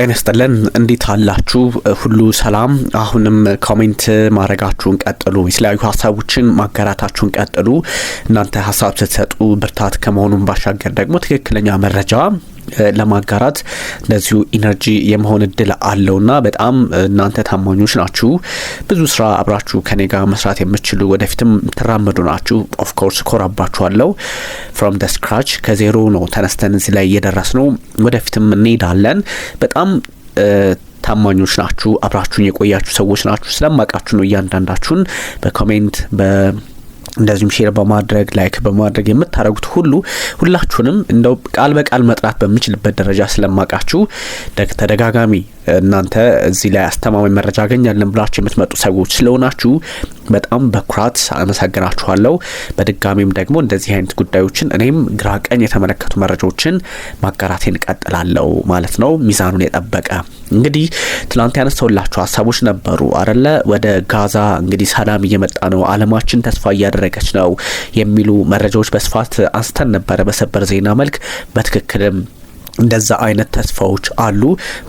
ጤና ይስጥልን። እንዴት አላችሁ? ሁሉ ሰላም። አሁንም ኮሜንት ማድረጋችሁን ቀጥሉ፣ የተለያዩ ሀሳቦችን ማጋራታችሁን ቀጥሉ። እናንተ ሀሳብ ስትሰጡ ብርታት ከመሆኑን ባሻገር ደግሞ ትክክለኛ መረጃ ለማጋራት እንደዚሁ ኢነርጂ የመሆን እድል አለውና በጣም እናንተ ታማኞች ናችሁ። ብዙ ስራ አብራችሁ ከኔ ጋር መስራት የምችሉ ወደፊትም ትራመዱ ናችሁ። ኦፍኮርስ ኮራባችኋለሁ። ፍሮም ደ ስክራች ከዜሮ ነው ተነስተን እዚህ ላይ እየደረስ ነው። ወደፊትም እንሄዳለን። በጣም ታማኞች ናችሁ። አብራችሁን የቆያችሁ ሰዎች ናችሁ። ስለማውቃችሁ ነው እያንዳንዳችሁን በኮሜንት በ እንደዚሁም ሼር በማድረግ ላይክ በማድረግ የምታደርጉት ሁሉ ሁላችሁንም እንደው ቃል በቃል መጥራት በምችልበት ደረጃ ስለማውቃችሁ ተደጋጋሚ እናንተ እዚህ ላይ አስተማማኝ መረጃ አገኛለን ብላችሁ የምትመጡ ሰዎች ስለሆናችሁ በጣም በኩራት አመሰግናችኋለሁ። በድጋሚም ደግሞ እንደዚህ አይነት ጉዳዮችን እኔም ግራ ቀኝ የተመለከቱ መረጃዎችን ማጋራቴን እቀጥላለሁ ማለት ነው። ሚዛኑን የጠበቀ እንግዲህ ትናንት ያነሰውላቸው ሀሳቦች ነበሩ አደለ? ወደ ጋዛ እንግዲህ ሰላም እየመጣ ነው፣ አለማችን ተስፋ እያደረገች ነው የሚሉ መረጃዎች በስፋት አንስተን ነበረ በሰበር ዜና መልክ በትክክልም እንደዛ አይነት ተስፋዎች አሉ።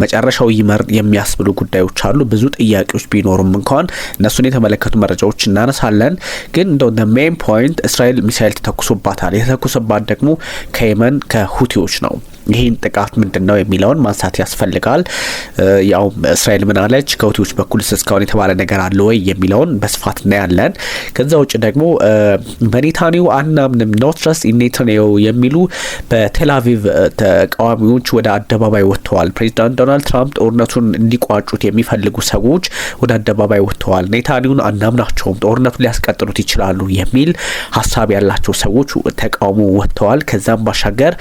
መጨረሻው ይመር የሚያስብሉ ጉዳዮች አሉ። ብዙ ጥያቄዎች ቢኖሩም እንኳን እነሱን የተመለከቱ መረጃዎች እናነሳለን። ግን እንደው ሜን ፖይንት እስራኤል ሚሳይል ተተኩሶባታል። የተተኩሰባት ደግሞ ከየመን ከሁቲዎች ነው። ይህን ጥቃት ምንድን ነው የሚለውን ማንሳት ያስፈልጋል። ያው እስራኤል ምን አለች፣ ከሁቲዎች በኩል እስካሁን የተባለ ነገር አለ ወይ የሚለውን በስፋት እናያለን። ከዛ ውጭ ደግሞ በኔታኒው አናምንም ኖትረስ ኢኔታኒው የሚሉ በቴላቪቭ ተቃዋሚዎች ወደ አደባባይ ወጥተዋል። ፕሬዚዳንት ዶናልድ ትራምፕ ጦርነቱን እንዲቋጩት የሚፈልጉ ሰዎች ወደ አደባባይ ወጥተዋል። ኔታኒውን አናምናቸውም፣ ጦርነቱን ሊያስቀጥሉት ይችላሉ የሚል ሀሳብ ያላቸው ሰዎች ተቃውሞ ወጥተዋል። ከዛም ባሻገር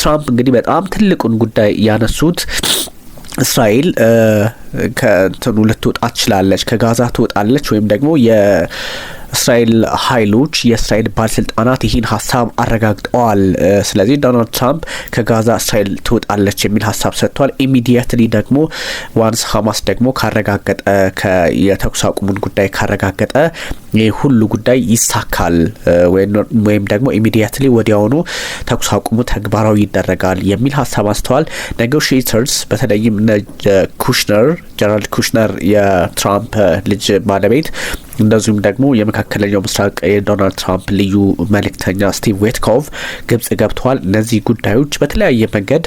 ትራምፕ እንግዲህ በጣም ትልቁን ጉዳይ ያነሱት እስራኤል ከእንትኑ ልትወጣ ትችላለች፣ ከጋዛ ትወጣለች ወይም ደግሞ እስራኤል ኃይሎች የእስራኤል ባለስልጣናት ይህን ሀሳብ አረጋግጠዋል። ስለዚህ ዶናልድ ትራምፕ ከጋዛ እስራኤል ትወጣለች የሚል ሀሳብ ሰጥቷል። ኢሚዲየትሊ ደግሞ ዋንስ ሀማስ ደግሞ ካረጋገጠ የተኩስ አቁሙን ጉዳይ ካረጋገጠ ይህ ሁሉ ጉዳይ ይሳካል ወይም ደግሞ ኢሚዲየትሊ ወዲያውኑ ተኩስ አቁሙ ተግባራዊ ይደረጋል የሚል ሀሳብ አንስተዋል። ኔጎሽተርስ በተለይም ኩሽነር ጀራልድ ኩሽነር የትራምፕ ልጅ ባለቤት እንደዚሁም ደግሞ የመካከለኛው ምስራቅ የዶናልድ ትራምፕ ልዩ መልእክተኛ ስቲቭ ዌትኮቭ ግብጽ ገብተዋል። እነዚህ ጉዳዮች በተለያየ መንገድ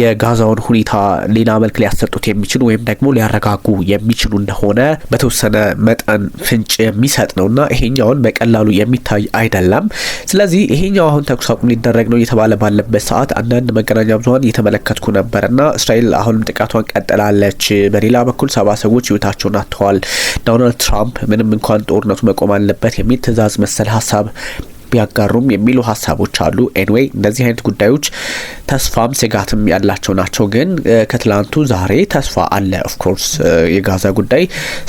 የጋዛውን ሁኔታ ሌላ መልክ ሊያሰጡት የሚችሉ ወይም ደግሞ ሊያረጋጉ የሚችሉ እንደሆነ በተወሰነ መጠን ፍንጭ የሚሰጥ እና ይሄኛውን በቀላሉ የሚታይ አይደለም። ስለዚህ ይሄኛው አሁን ተኩስ አቁም ሊደረግ ነው እየተባለ ባለበት ሰዓት አንዳንድ መገናኛ ብዙሀን እየተመለከትኩ ነበርና እስራኤል አሁንም ጥቃቷን ቀጥላለች። በሌላ በኩል ሰባ ሰዎች ህይወታቸውን አጥተዋል። ዶናልድ ትራምፕ ምንም እንኳን ጦርነቱ መቆም አለበት የሚል ትእዛዝ መሰል ሀሳብ ቢያጋሩም የሚሉ ሀሳቦች አሉ። ኤንዌይ እንደዚህ አይነት ጉዳዮች ተስፋም ስጋትም ያላቸው ናቸው። ግን ከትላንቱ ዛሬ ተስፋ አለ። ኦፍኮርስ የጋዛ ጉዳይ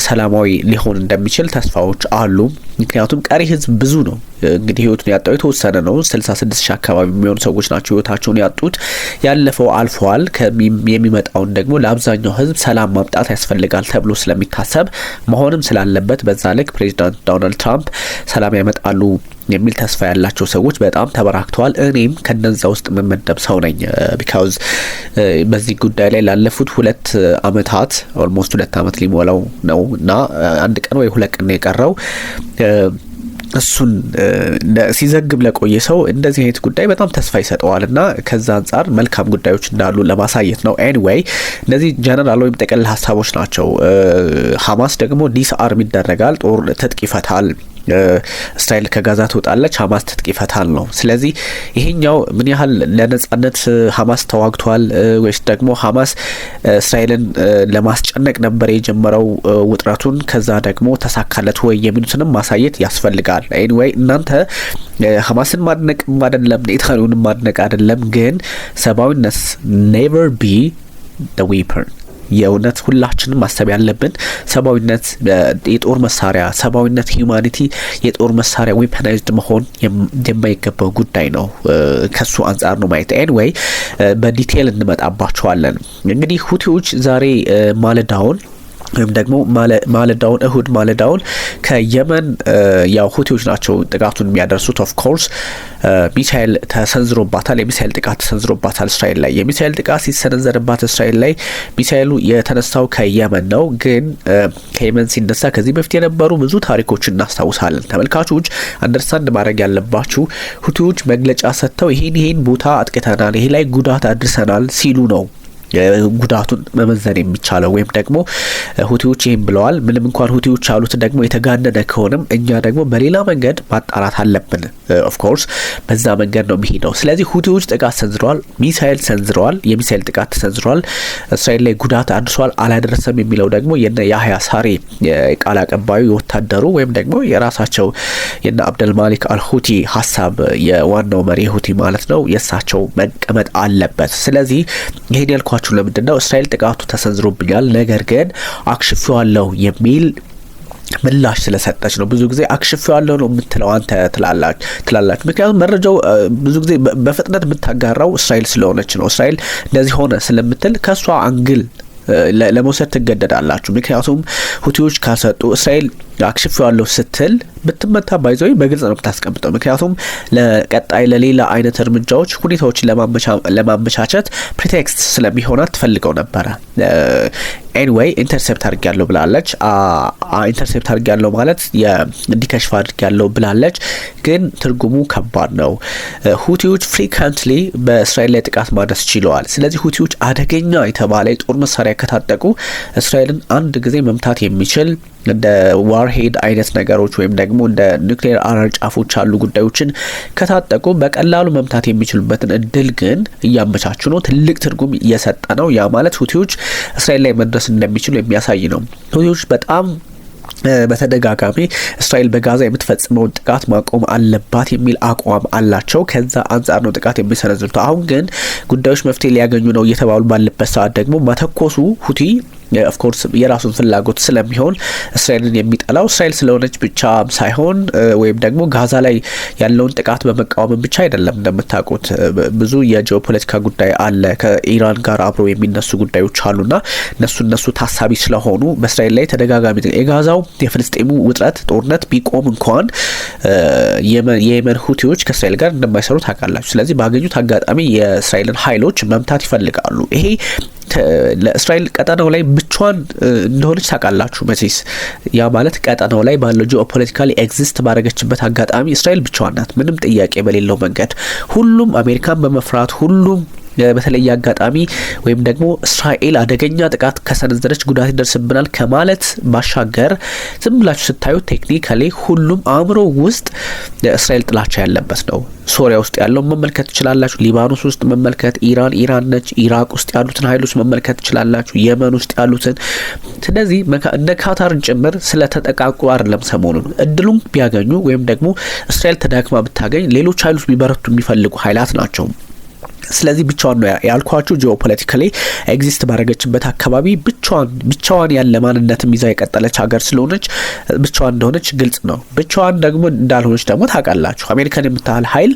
ሰላማዊ ሊሆን እንደሚችል ተስፋዎች አሉ። ምክንያቱም ቀሪ ህዝብ ብዙ ነው። እንግዲህ ህይወቱን ያጣው የተወሰነ ነው። 6 ስድስት ሺህ አካባቢ የሚሆኑ ሰዎች ናቸው ህይወታቸውን ያጡት። ያለፈው አልፈዋል። የሚመጣውን ደግሞ ለአብዛኛው ህዝብ ሰላም ማምጣት ያስፈልጋል ተብሎ ስለሚታሰብ መሆንም ስላለበት በዛ ልክ ፕሬዚዳንት ዶናልድ ትራምፕ ሰላም ያመጣሉ የሚል ተስፋ ያላቸው ሰዎች በጣም ተበራክተዋል። እኔም ከነዛ ውስጥ የምመደብ ሰው ነኝ። ቢካውዝ uh, uh, በዚህ ጉዳይ ላይ ላለፉት ሁለት አመታት ኦልሞስት ሁለት አመት ሊሞላው ነው እና uh, አንድ ቀን ወይ ሁለት ቀን የቀረው እሱን ሲዘግብ ለቆየ ሰው እንደዚህ አይነት ጉዳይ በጣም ተስፋ ይሰጠዋል እና ከዛ አንጻር መልካም ጉዳዮች እንዳሉ ለማሳየት ነው። ኤኒዌይ እነዚህ ጀነራል ወይም ጠቅላላ ሀሳቦች ናቸው። ሀማስ ደግሞ ዲስ አርም ይደረጋል፣ ጦር ትጥቅ ይፈታል እስራኤል ከጋዛ ትወጣለች፣ ሀማስ ትጥቅ ይፈታል ነው። ስለዚህ ይሄኛው ምን ያህል ለነጻነት ሀማስ ተዋግቷል ወይስ ደግሞ ሀማስ እስራኤልን ለማስጨነቅ ነበር የጀመረው ውጥረቱን፣ ከዛ ደግሞ ተሳካለት ወይ የሚሉትንም ማሳየት ያስፈልጋል። ኤኒዌይ እናንተ ሀማስን ማድነቅ አይደለም ኔታንያሁንም ማድነቅ አደለም፣ ግን ሰብአዊነት ኔቨር ቢ ዊፐን የእውነት ሁላችንም ማሰብ ያለብን ሰብአዊነት፣ የጦር መሳሪያ ሰብአዊነት፣ ሂዩማኒቲ የጦር መሳሪያ ዌፐናይዝድ መሆን የማይገባው ጉዳይ ነው። ከሱ አንጻር ነው ማየት። ኤንወይ በዲቴይል እንመጣባቸዋለን። እንግዲህ ሁቲዎች ዛሬ ማለዳውን ወይም ደግሞ ማለዳውን እሁድ ማለዳውን ከየመን ያው ሁቲዎች ናቸው ጥቃቱን የሚያደርሱት። ኦፍ ኮርስ ሚሳኤል ተሰንዝሮባታል። የሚሳኤል ጥቃት ተሰንዝሮባታል እስራኤል ላይ። የሚሳኤል ጥቃት ሲሰነዘርባት እስራኤል ላይ ሚሳኤሉ የተነሳው ከየመን ነው። ግን ከየመን ሲነሳ ከዚህ በፊት የነበሩ ብዙ ታሪኮች እናስታውሳለን። ተመልካቾች አንደርስታንድ ማድረግ ያለባችሁ ሁቲዎች መግለጫ ሰጥተው ይሄን ይሄን ቦታ አጥቅተናል፣ ይሄ ላይ ጉዳት አድርሰናል ሲሉ ነው ጉዳቱን መመዘን የሚቻለው ወይም ደግሞ ሁቲዎች ይህም ብለዋል። ምንም እንኳን ሁቲዎች ያሉት ደግሞ የተጋነነ ከሆነም እኛ ደግሞ በሌላ መንገድ ማጣራት አለብን። ኦፍኮርስ በዛ መንገድ ነው የሚሄደው። ስለዚህ ሁቲዎች ጥቃት ሰንዝረዋል፣ ሚሳይል ሰንዝረዋል፣ የሚሳይል ጥቃት ሰንዝረዋል፣ እስራኤል ላይ ጉዳት አድርሷል አላደረሰም የሚለው ደግሞ የነ ያህያ ሳሬ ቃል አቀባዩ የወታደሩ ወይም ደግሞ የራሳቸው የነ አብደልማሊክ አልሁቲ ሀሳብ የዋናው መሪ ሁቲ ማለት ነው የእሳቸው መቀመጥ አለበት። ስለዚህ ይህን ያልኳ ያልኳችሁ ለምንድን ነው እስራኤል ጥቃቱ ተሰንዝሮብኛል፣ ነገር ግን አክሽፌዋለሁ የሚል ምላሽ ስለሰጠች ነው። ብዙ ጊዜ አክሽፍ ያለው ነው የምትለው አንተ ትላላች። ምክንያቱም መረጃው ብዙ ጊዜ በፍጥነት የምታጋራው እስራኤል ስለሆነች ነው። እስራኤል እንደዚህ ሆነ ስለምትል ከእሷ አንግል ለመውሰድ ትገደዳላችሁ። ምክንያቱም ሁቲዎች ካልሰጡ እስራኤል አክሽፌዋለሁ ስትል ብትመታ ባይዘዊ በግልጽ ነው የምታስቀምጠው። ምክንያቱም ለቀጣይ ለሌላ አይነት እርምጃዎች ሁኔታዎችን ለማመቻቸት ፕሪቴክስት ስለሚሆናት ትፈልገው ነበረ። ኤኒዌይ ኢንተርሴፕት አድርግ ያለው ብላለች። ኢንተርሴፕት አድርግ ያለው ማለት እንዲከሽፍ አድርግ ያለው ብላለች፣ ግን ትርጉሙ ከባድ ነው። ሁቲዎች ፍሪካንትሊ በእስራኤል ላይ ጥቃት ማድረስ ችለዋል። ስለዚህ ሁቲዎች አደገኛ የተባለ የጦር መሳሪያ ከታጠቁ እስራኤልን አንድ ጊዜ መምታት የሚችል እንደ ዋርሄድ አይነት ነገሮች ወይም ደግሞ እንደ ኒክሌር አረር ጫፎች ያሉ ጉዳዮችን ከታጠቁ በቀላሉ መምታት የሚችሉበትን እድል ግን እያመቻቹ ነው። ትልቅ ትርጉም እየሰጠ ነው። ያ ማለት ሁቲዎች እስራኤል ላይ መድረስ እንደሚችሉ የሚያሳይ ነው። ሁቲዎች በጣም በተደጋጋሚ እስራኤል በጋዛ የምትፈጽመውን ጥቃት ማቆም አለባት የሚል አቋም አላቸው። ከዛ አንጻር ነው ጥቃት የሚሰነዝሩት። አሁን ግን ጉዳዮች መፍትሄ ሊያገኙ ነው እየተባሉ ባለበት ሰዓት ደግሞ መተኮሱ ሁቲ ኦፍኮርስ የራሱን ፍላጎት ስለሚሆን እስራኤልን የሚጠላው እስራኤል ስለሆነች ብቻ ሳይሆን ወይም ደግሞ ጋዛ ላይ ያለውን ጥቃት በመቃወም ብቻ አይደለም። እንደምታውቁት ብዙ የጂኦፖለቲካ ጉዳይ አለ። ከኢራን ጋር አብረው የሚነሱ ጉዳዮች አሉና እነሱ እነሱ ታሳቢ ስለሆኑ በእስራኤል ላይ ተደጋጋሚ የጋዛው የፍልስጤሙ ውጥረት ጦርነት ቢቆም እንኳን የየመን ሁቲዎች ከእስራኤል ጋር እንደማይሰሩ ታውቃላችሁ። ስለዚህ ባገኙት አጋጣሚ የእስራኤልን ኃይሎች መምታት ይፈልጋሉ። ይሄ ለእስራኤል ቀጠናው ላይ ብቻዋን እንደሆነች ታውቃላችሁ መቼስ። ያ ማለት ቀጠናው ላይ ባለው ጂኦፖለቲካሊ ኤግዚስት ባደረገችበት አጋጣሚ እስራኤል ብቻዋን ናት፣ ምንም ጥያቄ በሌለው መንገድ ሁሉም አሜሪካን በመፍራት ሁሉም በተለየ አጋጣሚ ወይም ደግሞ እስራኤል አደገኛ ጥቃት ከሰነዘረች ጉዳት ይደርስብናል ከማለት ባሻገር ዝም ብላችሁ ስታዩ ቴክኒካሊ ሁሉም አእምሮ ውስጥ እስራኤል ጥላቻ ያለበት ነው። ሶሪያ ውስጥ ያለው መመልከት ትችላላችሁ። ሊባኖስ ውስጥ መመልከት፣ ኢራን ኢራን ነች። ኢራቅ ውስጥ ያሉትን ሀይሎች መመልከት ትችላላችሁ። የመን ውስጥ ያሉትን። ስለዚህ እንደ ካታርን ጭምር ስለተጠቃቁ አይደለም ሰሞኑን እድሉም ቢያገኙ ወይም ደግሞ እስራኤል ተዳክማ ብታገኝ ሌሎች ሀይሎች ቢበረቱ የሚፈልጉ ሀይላት ናቸው። ስለዚህ ብቻዋን ነው ያልኳችሁ። ጂኦፖለቲካሊ ኤግዚስት ባደረገችበት አካባቢ ብቻዋን ያለ ማንነትም ይዛ የቀጠለች ሀገር ስለሆነች ብቻዋን እንደሆነች ግልጽ ነው። ብቻዋን ደግሞ እንዳልሆነች ደግሞ ታውቃላችሁ። አሜሪካን የምታህል ሀይል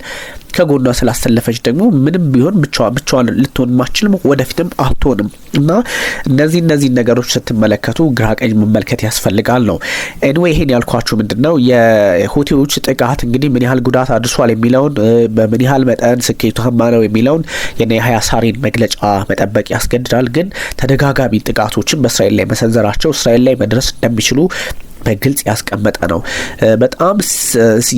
ከጎኗ ስላሰለፈች ደግሞ ምንም ቢሆን ብቻዋን ልትሆን ማችልም ወደፊትም አትሆንም እና እነዚህ እነዚህ ነገሮች ስትመለከቱ ግራ ቀኝ መመልከት ያስፈልጋል ነው። ኤንዌ ይሄን ያልኳችሁ ምንድን ነው የሁቲዎች ጥቃት እንግዲህ ምን ያህል ጉዳት አድርሷል የሚለውን በምን ያህል መጠን ስኬታማ ነው የሚለው የሚለውን የያህያ ሳሪን መግለጫ መጠበቅ ያስገድዳል። ግን ተደጋጋሚ ጥቃቶችን በእስራኤል ላይ መሰንዘራቸው እስራኤል ላይ መድረስ እንደሚችሉ በግልጽ ያስቀመጠ ነው። በጣም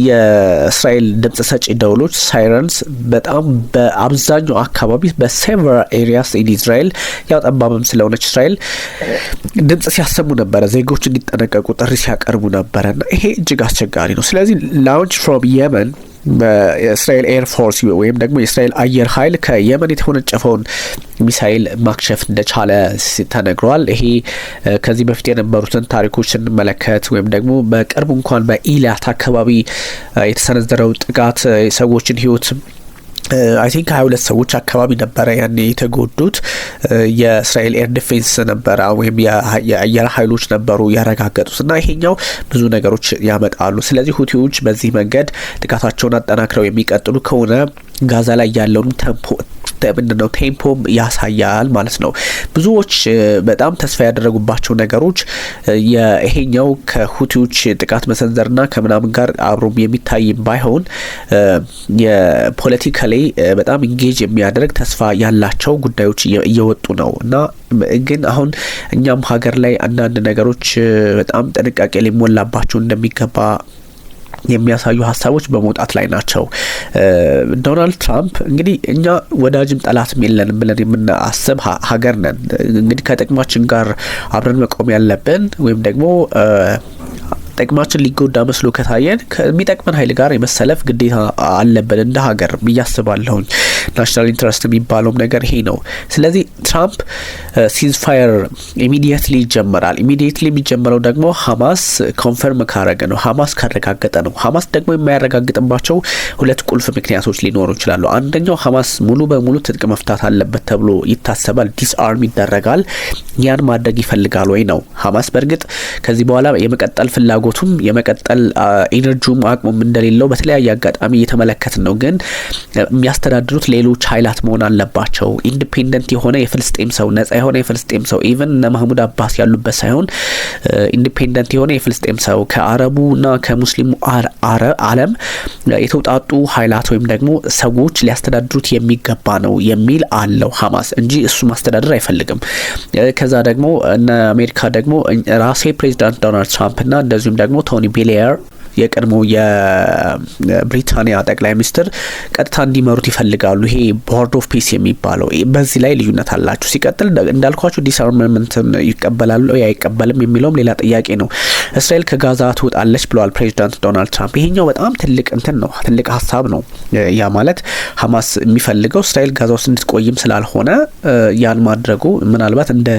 የእስራኤል ድምጽ ሰጪ ደውሎች ሳይረንስ በጣም በአብዛኛው አካባቢ በሴቨር ኤሪያስ ኢን እስራኤል ያው ጠባብም ስለሆነች እስራኤል ድምጽ ሲያሰሙ ነበረ። ዜጎች እንዲጠነቀቁ ጥሪ ሲያቀርቡ ነበረ እና ይሄ እጅግ አስቸጋሪ ነው። ስለዚህ ላውንች ፍሮም የመን የእስራኤል ኤርፎርስ ወይም ደግሞ የእስራኤል አየር ኃይል ከየመን የተወነጨፈውን ሚሳይል ማክሸፍ እንደቻለ ተነግሯል። ይሄ ከዚህ በፊት የነበሩትን ታሪኮች ስንመለከት ወይም ደግሞ በቅርቡ እንኳን በኢላት አካባቢ የተሰነዘረው ጥቃት የሰዎችን ህይወት አይ ቲንክ ሀያ ሁለት ሰዎች አካባቢ ነበረ ያኔ የተጎዱት። የእስራኤል ኤር ዲፌንስ ነበረ ወይም የአየር ኃይሎች ነበሩ ያረጋገጡት እና ይሄኛው ብዙ ነገሮች ያመጣሉ። ስለዚህ ሁቲዎች በዚህ መንገድ ጥቃታቸውን አጠናክረው የሚቀጥሉ ከሆነ ጋዛ ላይ ያለውን ምንድነው ቴምፖም ያሳያል ማለት ነው። ብዙዎች በጣም ተስፋ ያደረጉባቸው ነገሮች ይሄኛው ከሁቲዎች ጥቃት መሰንዘርና ከምናምን ጋር አብሮም የሚታይ ባይሆን የፖለቲካ በጣም ኢንጌጅ የሚያደርግ ተስፋ ያላቸው ጉዳዮች እየወጡ ነው እና ግን አሁን እኛም ሀገር ላይ አንዳንድ ነገሮች በጣም ጥንቃቄ ሊሞላባቸው እንደሚገባ የሚያሳዩ ሀሳቦች በመውጣት ላይ ናቸው። ዶናልድ ትራምፕ እንግዲህ እኛ ወዳጅም ጠላትም የለንም ብለን የምናስብ ሀገር ነን። እንግዲህ ከጥቅማችን ጋር አብረን መቆም ያለብን ወይም ደግሞ ጥቅማችን ሊጎዳ መስሎ ከታየን ከሚጠቅመን ሀይል ጋር የመሰለፍ ግዴታ አለብን እንደ ሀገር ብዬ ናሽናል ኢንትረስት የሚባለውም ነገር ይሄ ነው። ስለዚህ ትራምፕ ሲዝፋየር ኢሚዲየትሊ ይጀመራል። ኢሚዲየትሊ የሚጀመረው ደግሞ ሀማስ ኮንፈርም ካረገ ነው፣ ሀማስ ካረጋገጠ ነው። ሀማስ ደግሞ የማያረጋግጥባቸው ሁለት ቁልፍ ምክንያቶች ሊኖሩ ይችላሉ። አንደኛው ሀማስ ሙሉ በሙሉ ትጥቅ መፍታት አለበት ተብሎ ይታሰባል። ዲስአርም ይደረጋል። ያን ማድረግ ይፈልጋል ወይ ነው። ሀማስ በእርግጥ ከዚህ በኋላ የመቀጠል ፍላጎ ፍላጎቱም የመቀጠል ኢነርጂውም አቅሙም እንደሌለው በተለያየ አጋጣሚ እየተመለከት ነው። ግን የሚያስተዳድሩት ሌሎች ኃይላት መሆን አለባቸው። ኢንዲፔንደንት የሆነ የፍልስጤም ሰው ነጻ የሆነ የፍልስጤም ሰው ኢቨን እነ ማህሙድ አባስ ያሉበት ሳይሆን ኢንዲፔንደንት የሆነ የፍልስጤም ሰው ከአረቡና ከሙስሊሙ ዓለም የተውጣጡ ኃይላት ወይም ደግሞ ሰዎች ሊያስተዳድሩት የሚገባ ነው የሚል አለው ሀማስ እንጂ እሱ ማስተዳደር አይፈልግም። ከዛ ደግሞ እነ አሜሪካ ደግሞ ራሴ ፕሬዚዳንት ዶናልድ ትራምፕና እንደዚሁም ወይም ደግሞ ቶኒ ቢሌየር የቀድሞ የብሪታንያ ጠቅላይ ሚኒስትር ቀጥታ እንዲመሩት ይፈልጋሉ። ይሄ ቦርድ ኦፍ ፒስ የሚባለው በዚህ ላይ ልዩነት አላቸው። ሲቀጥል እንዳልኳቸው ዲስአርማመንትን ይቀበላሉ አይቀበልም የሚለውም ሌላ ጥያቄ ነው። እስራኤል ከጋዛ ትወጣለች ብለዋል ፕሬዚዳንት ዶናልድ ትራምፕ። ይሄኛው በጣም ትልቅ እንትን ነው፣ ትልቅ ሀሳብ ነው። ያ ማለት ሀማስ የሚፈልገው እስራኤል ጋዛ ውስጥ እንድትቆይም ስላልሆነ ያን ማድረጉ ምናልባት እንደ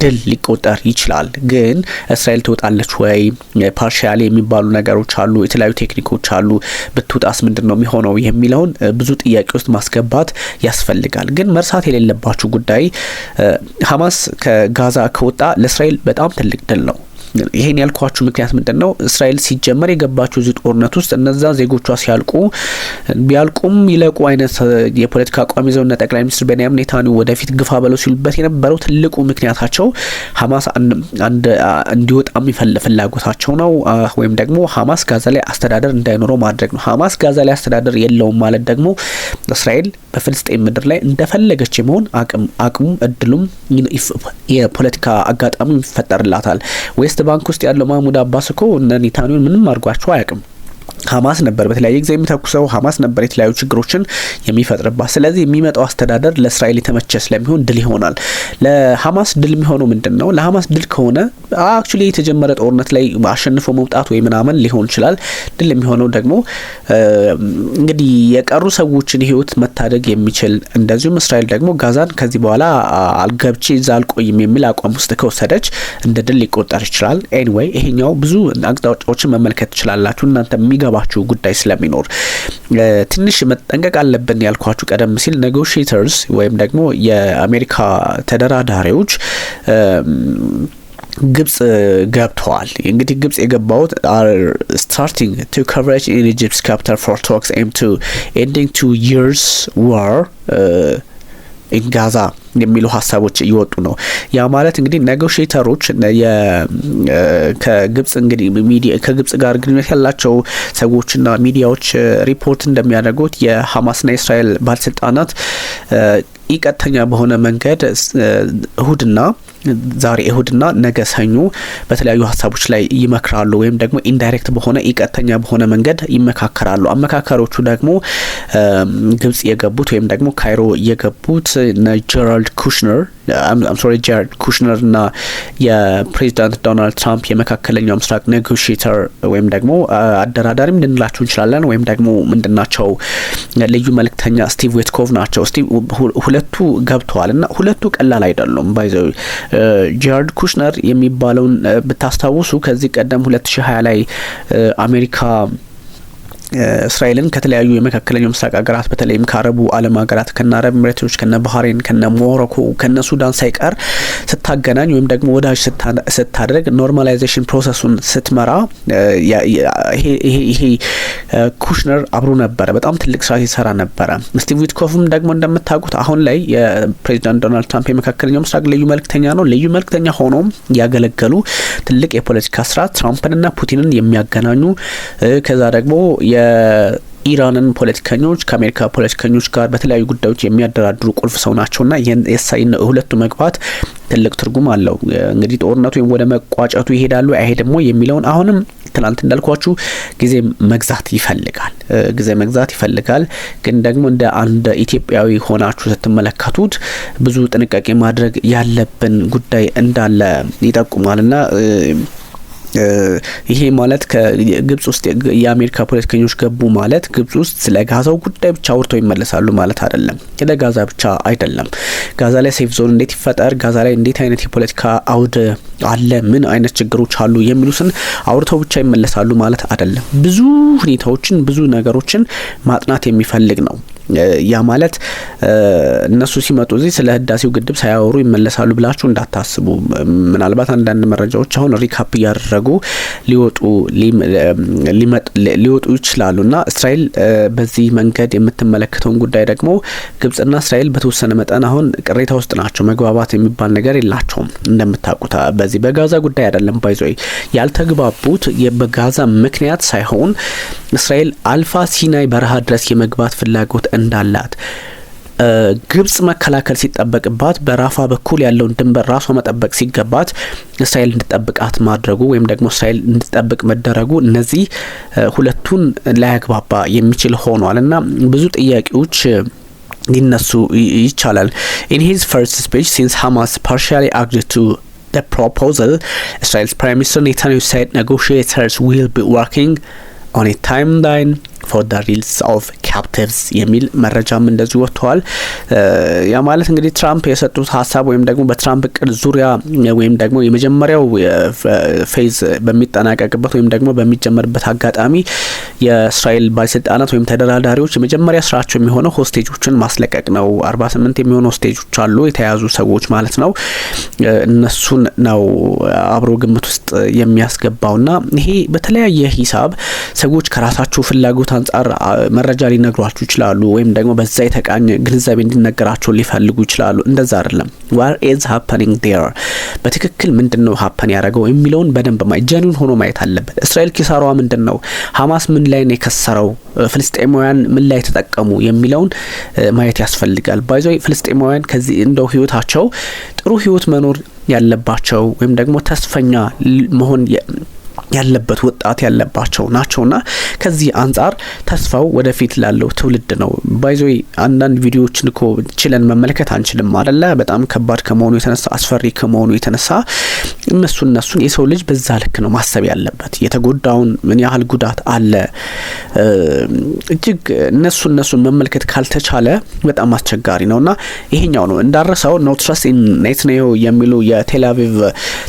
ድል ሊቆጠር ይችላል። ግን እስራኤል ትወጣለች ወይ ፓርሻሌ የሚባሉ ነገሮች አሉ፣ የተለያዩ ቴክኒኮች አሉ። ብትውጣስ ምንድን ነው የሚሆነው የሚለውን ብዙ ጥያቄ ውስጥ ማስገባት ያስፈልጋል። ግን መርሳት የሌለባችሁ ጉዳይ ሀማስ ከጋዛ ከወጣ ለእስራኤል በጣም ትልቅ ድል ነው። ይሄን ያልኳችሁ ምክንያት ምንድን ነው? እስራኤል ሲጀመር የገባችው እዚህ ጦርነት ውስጥ እነዛ ዜጎቿ ሲያልቁ ቢያልቁም ይለቁ አይነት የፖለቲካ አቋም ይዘውና ጠቅላይ ሚኒስትር ቤንያም ኔታንያሁ ወደፊት ግፋ በለው ሲሉበት የነበረው ትልቁ ምክንያታቸው ሀማስ እንዲወጣ ፍላጎታቸው ነው፣ ወይም ደግሞ ሀማስ ጋዛ ላይ አስተዳደር እንዳይኖረው ማድረግ ነው። ሀማስ ጋዛ ላይ አስተዳደር የለውም ማለት ደግሞ እስራኤል በፍልስጤን ምድር ላይ እንደፈለገች የመሆን አቅም አቅሙም እድሉም የፖለቲካ አጋጣሚ ይፈጠርላታል ዌስት ባንክ ውስጥ ያለው ማህሙድ አባስ እኮ እነ ምንም አድርጓቸው አያውቅም። ሀማስ ነበር በተለያየ ጊዜ የሚተኩሰው ሀማስ ነበር የተለያዩ ችግሮችን የሚፈጥርባት። ስለዚህ የሚመጣው አስተዳደር ለእስራኤል የተመቸ ስለሚሆን ድል ይሆናል። ለሀማስ ድል የሚሆነው ምንድን ነው? ለሀማስ ድል ከሆነ አክቹሊ የተጀመረ ጦርነት ላይ አሸንፎ መውጣት ወይ ምናምን ሊሆን ይችላል። ድል የሚሆነው ደግሞ እንግዲህ የቀሩ ሰዎችን ህይወት መታደግ የሚችል እንደዚሁም እስራኤል ደግሞ ጋዛን ከዚህ በኋላ አልገብቼ እዛ አልቆይም የሚል አቋም ውስጥ ከወሰደች እንደ ድል ሊቆጠር ይችላል። ኤኒዌይ ይሄኛው ብዙ አቅጣጫዎችን መመልከት ትችላላችሁ እናንተ የሚገባ ያሏችሁ ጉዳይ ስለሚኖር ትንሽ መጠንቀቅ አለብን ያልኳችሁ ቀደም ሲል ኔጎሽተርስ ወይም ደግሞ የአሜሪካ ተደራዳሪዎች ግብጽ ገብተዋል። እንግዲህ ግብጽ የገባውት አር ስታርቲንግ ቱ ኮቨሬጅ ኢን ኢጂፕት ካፒታል ፎር ቶክስ ኤም ቱ ኤንዲንግ ቱ ይርስ ዋር ኢን ጋዛ የሚሉ ሀሳቦች እየወጡ ነው። ያ ማለት እንግዲህ ኔጎሽተሮች ከግብጽ እንግዲህ ከግብጽ ጋር ግንኙነት ያላቸው ሰዎችና ሚዲያዎች ሪፖርት እንደሚያደርጉት የሀማስና የእስራኤል ባለስልጣናት ኢቀጥተኛ በሆነ መንገድ እሁድና ዛሬ እሁድና ነገ ሰኞ በተለያዩ ሀሳቦች ላይ ይመክራሉ ወይም ደግሞ ኢንዳይሬክት በሆነ ቀጥተኛ በሆነ መንገድ ይመካከራሉ። አመካከሮቹ ደግሞ ግብጽ የገቡት ወይም ደግሞ ካይሮ የገቡት ጀራልድ ኩሽነር ሶሪ ጀራልድ ኩሽነር እና የፕሬዚዳንት ዶናልድ ትራምፕ የመካከለኛው ምስራቅ ኔጎሽተር ወይም ደግሞ አደራዳሪም ልንላቸው እንችላለን ወይም ደግሞ ምንድናቸው ልዩ መልእክተኛ ስቲቭ ዌትኮቭ ናቸው። ሁለቱ ገብተዋል እና ሁለቱ ቀላል አይደሉም ባይዘ ጀራርድ ኩሽነር የሚባለውን ብታስታውሱ ከዚህ ቀደም 2020 ላይ አሜሪካ እስራኤልን ከተለያዩ የመካከለኛው ምስራቅ ሀገራት በተለይም ከአረቡ ዓለም ሀገራት ከነ አረብ ኤምሬቶች ከነ ባህሬን ከነ ሞሮኮ ከነ ሱዳን ሳይቀር ስታገናኝ ወይም ደግሞ ወዳጅ ስታደርግ ኖርማላይዜሽን ፕሮሰሱን ስትመራ ይሄ ኩሽነር አብሮ ነበረ። በጣም ትልቅ ስራ ሲሰራ ነበረ። ስቲቭ ዊትኮፍም ደግሞ እንደምታውቁት አሁን ላይ የፕሬዚዳንት ዶናልድ ትራምፕ የመካከለኛው ምስራቅ ልዩ መልክተኛ ነው። ልዩ መልክተኛ ሆኖም ያገለገሉ ትልቅ የፖለቲካ ስራ ትራምፕንና ፑቲንን የሚያገናኙ ከዛ ደግሞ ኢራንን ፖለቲከኞች ከአሜሪካ ፖለቲከኞች ጋር በተለያዩ ጉዳዮች የሚያደራድሩ ቁልፍ ሰው ናቸውና የሳይን ሁለቱ መግባት ትልቅ ትርጉም አለው። እንግዲህ ጦርነቱ ወደ መቋጨቱ ይሄዳሉ አይሄድም ወይ የሚለውን አሁንም ትናንት እንዳልኳችሁ ጊዜ መግዛት ይፈልጋል። ጊዜ መግዛት ይፈልጋል። ግን ደግሞ እንደ አንድ ኢትዮጵያዊ ሆናችሁ ስትመለከቱት ብዙ ጥንቃቄ ማድረግ ያለብን ጉዳይ እንዳለ ይጠቁማልና ይሄ ማለት ከግብጽ ውስጥ የአሜሪካ ፖለቲከኞች ገቡ ማለት ግብጽ ውስጥ ስለ ጋዛው ጉዳይ ብቻ አውርተው ይመለሳሉ ማለት አይደለም። ስለ ጋዛ ብቻ አይደለም። ጋዛ ላይ ሴፍ ዞን እንዴት ይፈጠር፣ ጋዛ ላይ እንዴት አይነት የፖለቲካ አውድ አለ፣ ምን አይነት ችግሮች አሉ የሚሉትን አውርተው ብቻ ይመለሳሉ ማለት አይደለም። ብዙ ሁኔታዎችን ብዙ ነገሮችን ማጥናት የሚፈልግ ነው። ያ ማለት እነሱ ሲመጡ እዚህ ስለ ህዳሴው ግድብ ሳያወሩ ይመለሳሉ ብላችሁ እንዳታስቡ። ምናልባት አንዳንድ መረጃዎች አሁን ሪካፕ እያደረጉ ሊወጡ ይችላሉ እና እስራኤል በዚህ መንገድ የምትመለከተውን ጉዳይ ደግሞ ግብጽና እስራኤል በተወሰነ መጠን አሁን ቅሬታ ውስጥ ናቸው። መግባባት የሚባል ነገር የላቸውም። እንደምታውቁት በዚህ በጋዛ ጉዳይ አይደለም ባይዞይ ያልተግባቡት በጋዛ ምክንያት ሳይሆን እስራኤል አልፋ ሲናይ በረሃ ድረስ የመግባት ፍላጎት እንዳላት ግብጽ መከላከል ሲጠበቅባት በራፋ በኩል ያለውን ድንበር ራሷ መጠበቅ ሲገባት እስራኤል እንድጠብቃት ማድረጉ ወይም ደግሞ እስራኤል እንድጠብቅ መደረጉ እነዚህ ሁለቱን ላያግባባ የሚችል ሆኗል እና ብዙ ጥያቄዎች ሊነሱ ይቻላል። ኢን ሂዝ ፈርስት ስፒች ሲንስ ሀማስ ፓርሻሊ አግድ ቱ the እስራኤልስ ፕራይም ሚኒስትር Minister Netanyahu said negotiators will be working on ፎር ደ ሪልስ ኦፍ ካፕቲቭስ የሚል መረጃም እንደዚሁ ወጥተዋል። ያ ማለት እንግዲህ ትራምፕ የሰጡት ሀሳብ ወይም ደግሞ በትራምፕ እቅድ ዙሪያ ወይም ደግሞ የመጀመሪያው ፌዝ በሚጠናቀቅበት ወይም ደግሞ በሚጀመርበት አጋጣሚ የእስራኤል ባለስልጣናት ወይም ተደራዳሪዎች የመጀመሪያ ስራቸው የሚሆነው ሆስቴጆችን ማስለቀቅ ነው። አርባ ስምንት የሚሆኑ ሆስቴጆች አሉ የተያዙ ሰዎች ማለት ነው። እነሱን ነው አብሮ ግምት ውስጥ ና ይሄ በተለያየ ሂሳብ ሰዎች ከራሳቸው ፍላጎት አንጻር መረጃ ሊነግሯችሁ ይችላሉ፣ ወይም ደግሞ በዛ የተቃኘ ግንዛቤ እንዲነገራቸው ሊፈልጉ ይችላሉ። እንደዛ አይደለም። ዋር ኢዝ ሀፐኒንግ ዴር በትክክል ምንድን ነው ሀፐን ያደረገው የሚለውን በደንብ ማየት ጀኑን ሆኖ ማየት አለበት። እስራኤል ኪሳሯ ምንድን ነው? ሀማስ ምን ላይ ነው የከሰረው? ፍልስጤማውያን ምን ላይ ተጠቀሙ? የሚለውን ማየት ያስፈልጋል። ባይዞ ፍልስጤማውያን ከዚህ እንደው ህይወታቸው ጥሩ ህይወት መኖር ያለባቸው ወይም ደግሞ ተስፈኛ መሆን ያለበት ወጣት ያለባቸው ናቸውና ከዚህ አንጻር ተስፋው ወደፊት ላለው ትውልድ ነው። ባይዞ አንዳንድ ቪዲዮዎችን እኮ ችለን መመልከት አንችልም አደለ? በጣም ከባድ ከመሆኑ የተነሳ አስፈሪ ከመሆኑ የተነሳ እነሱ እነሱን የሰው ልጅ በዛ ልክ ነው ማሰብ ያለበት። የተጎዳውን ምን ያህል ጉዳት አለ እጅግ እነሱ እነሱን መመልከት ካልተቻለ በጣም አስቸጋሪ ነውና ይሄኛው ነው እንዳረሰው ኖትረስ ኔትኔዮ የሚሉ የቴል አቪቭ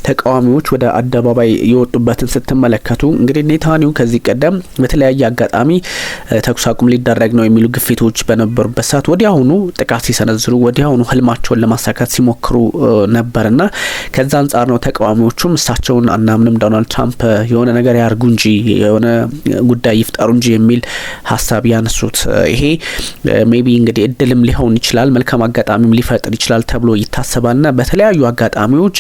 ተቃዋሚዎች ወደ አደባባይ የወጡበትን ስትመለከቱ እንግዲህ ኔታንያሁ ከዚህ ቀደም በተለያየ አጋጣሚ ተኩስ አቁም ሊደረግ ነው የሚሉ ግፊቶች በነበሩበት ሰዓት ወዲያውኑ ጥቃት ሲሰነዝሩ ወዲያውኑ ህልማቸውን ለማሳካት ሲሞክሩ ነበርና ከዛ አንጻር ነው ተቃዋሚዎቹም እሳቸውን አናምንም ዶናልድ ትራምፕ የሆነ ነገር ያርጉ እንጂ የሆነ ጉዳይ ይፍጠሩ እንጂ የሚል ሀሳብ ያነሱት። ይሄ ሜቢ እንግዲህ እድልም ሊሆን ይችላል መልካም አጋጣሚም ሊፈጥር ይችላል ተብሎ ይታሰባልና በተለያዩ አጋጣሚዎች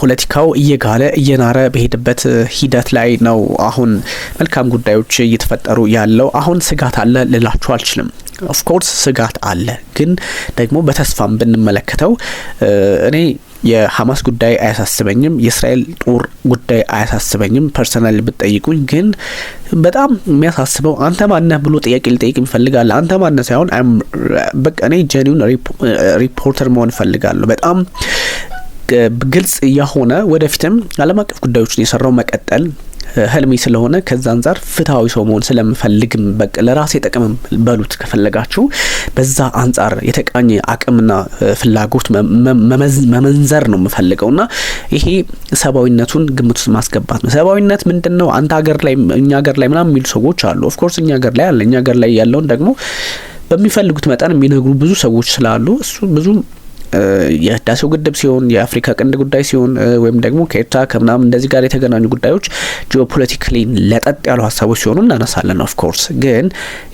ፖለቲካው እየጋለ እየናረ በሄድበት ሂደት ላይ ነው። አሁን መልካም ጉዳዮች እየተፈጠሩ ያለው አሁን ስጋት አለ ልላችሁ አልችልም። ኦፍኮርስ ስጋት አለ፣ ግን ደግሞ በተስፋም ብንመለከተው እኔ የሀማስ ጉዳይ አያሳስበኝም። የእስራኤል ጦር ጉዳይ አያሳስበኝም። ፐርሰናል ብትጠይቁኝ ግን በጣም የሚያሳስበው አንተ ማነህ ብሎ ጥያቄ ልጠይቅ ይፈልጋል። አንተ ማነህ ሳይሆን በቃ እኔ ጀኒውን ሪፖርተር መሆን እፈልጋለሁ። በጣም ግልጽ የሆነ ወደፊትም ዓለም አቀፍ ጉዳዮችን የሰራው መቀጠል ህልሜ ስለሆነ ከዛ አንጻር ፍትሐዊ ሰው መሆን ስለምፈልግም በቃ ለራሴ ጥቅምም በሉት ከፈለጋችሁ በዛ አንጻር የተቃኘ አቅምና ፍላጎት መመንዘር ነው የምፈልገው እና ይሄ ሰብአዊነቱን ግምት ውስጥ ማስገባት ነው። ሰብአዊነት ምንድን ነው? ሀገር ላይ እኛ ሀገር ላይ ምናምን የሚሉ ሰዎች አሉ። ኦፍኮርስ እኛ ሀገር ላይ አለ። እኛ ሀገር ላይ ያለውን ደግሞ በሚፈልጉት መጠን የሚነግሩ ብዙ ሰዎች ስላሉ እሱ ብዙ የህዳሴው ግድብ ሲሆን የአፍሪካ ቀንድ ጉዳይ ሲሆን ወይም ደግሞ ከኤርትራ ከምናምን እንደዚህ ጋር የተገናኙ ጉዳዮች ጂኦፖለቲካሊ ለጠጥ ያሉ ሀሳቦች ሲሆኑ እናነሳለን። ኦፍኮርስ ግን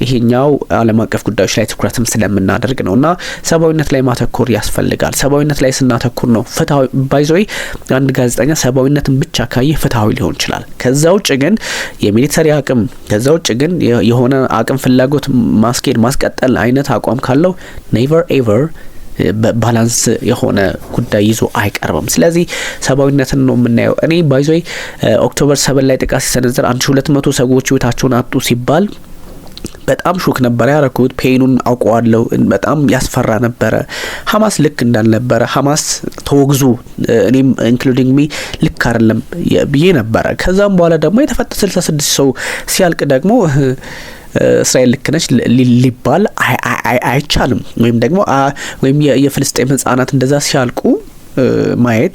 ይሄኛው ዓለም አቀፍ ጉዳዮች ላይ ትኩረትም ስለምናደርግ ነው እና ሰብአዊነት ላይ ማተኮር ያስፈልጋል። ሰብአዊነት ላይ ስናተኩር ነው ፍትሐዊ ባይዘወይ አንድ ጋዜጠኛ ሰብአዊነትን ብቻ ካየ ፍትሐዊ ሊሆን ይችላል። ከዛ ውጭ ግን የሚሊተሪ አቅም ከዛ ውጭ ግን የሆነ አቅም ፍላጎት ማስኬድ ማስቀጠል አይነት አቋም ካለው ኔቨር ኤቨር ባላንስ የሆነ ጉዳይ ይዞ አይቀርብም። ስለዚህ ሰብአዊነትን ነው የምናየው። እኔ ባይዞይ ኦክቶበር ሰበን ላይ ጥቃት ሲሰነዘር አንድ ሺ ሁለት መቶ ሰዎች ህይወታቸውን አጡ ሲባል በጣም ሹክ ነበረ ያረኩት። ፔኑን አውቀዋለሁ። በጣም ያስፈራ ነበረ። ሀማስ ልክ እንዳልነበረ ሀማስ ተወግዙ፣ እኔም ኢንክሉዲንግ ሚ ልክ አይደለም ብዬ ነበረ። ከዛም በኋላ ደግሞ የተፈጠ ስልሳ ስድስት ሰው ሲያልቅ ደግሞ እስራኤል ልክ ነች ሊባል አይቻልም። ወይም ደግሞ ወይም የፍልስጤም ህጻናት እንደዛ ሲያልቁ ማየት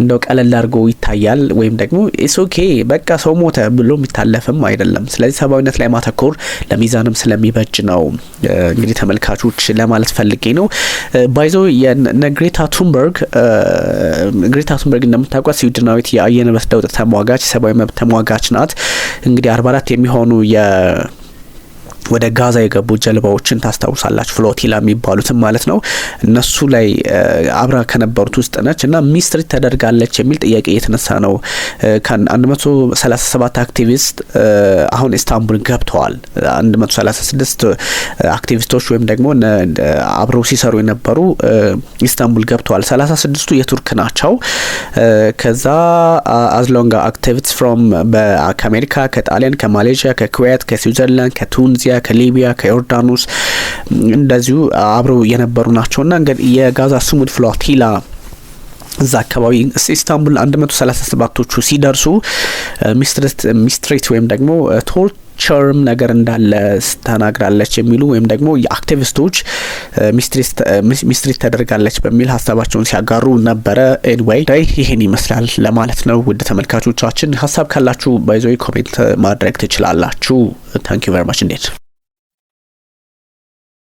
እንደው ቀለል አድርጎ ይታያል። ወይም ደግሞ ኢስ ኦኬ በቃ ሰው ሞተ ብሎ የሚታለፍም አይደለም። ስለዚህ ሰብአዊነት ላይ ማተኮር ለሚዛንም ስለሚበጅ ነው። እንግዲህ ተመልካቾች ለማለት ፈልጌ ነው። ባይዞ የግሬታ ቱንበርግ ግሬታ ቱንበርግ እንደምታውቋት ስዊድናዊት የአየር ንብረት ለውጥ ተሟጋች፣ የሰብአዊ መብት ተሟጋች ናት። እንግዲህ አርባ አራት የሚሆኑ የ ወደ ጋዛ የገቡ ጀልባዎችን ታስታውሳላችሁ፣ ፍሎቲላ የሚባሉትም ማለት ነው። እነሱ ላይ አብራ ከነበሩት ውስጥ ነች እና ሚስትሪ ተደርጋለች የሚል ጥያቄ እየተነሳ ነው። ከ137 አክቲቪስት አሁን ኢስታንቡል ገብተዋል። 136 አክቲቪስቶች ወይም ደግሞ አብረው ሲሰሩ የነበሩ ኢስታንቡል ገብተዋል። 36ቱ የቱርክ ናቸው። ከዛ አዝሎንጋ አክቲቪስት ፍሮም ከአሜሪካ፣ ከጣሊያን፣ ከማሌዥያ፣ ከኩዌት፣ ከስዊዘርላንድ፣ ከቱኒዚያ ከቱኒሲያ፣ ከሊቢያ፣ ከዮርዳኖስ እንደዚሁ አብረው የነበሩ ናቸው ናቸውና እንግዲህ የጋዛ ስሙድ ፍሎቲላ እዛ አካባቢ ኢስታንቡል አንድ መቶ ሰላሳ ሰባቶቹ ሲደርሱ ሚስትሬት ወይም ደግሞ ቶርት ቸርም ነገር እንዳለ ተናግራለች የሚሉ ወይም ደግሞ የአክቲቪስቶች ሚስትሪት ተደርጋለች በሚል ሀሳባቸውን ሲያጋሩ ነበረ። ኤንዌይ ላይ ይህን ይመስላል ለማለት ነው። ውድ ተመልካቾቻችን ሀሳብ ካላችሁ ባይዞ ኮሜንት ማድረግ ትችላላችሁ። ታንክ ዩ ቨሪ ማች እንዴት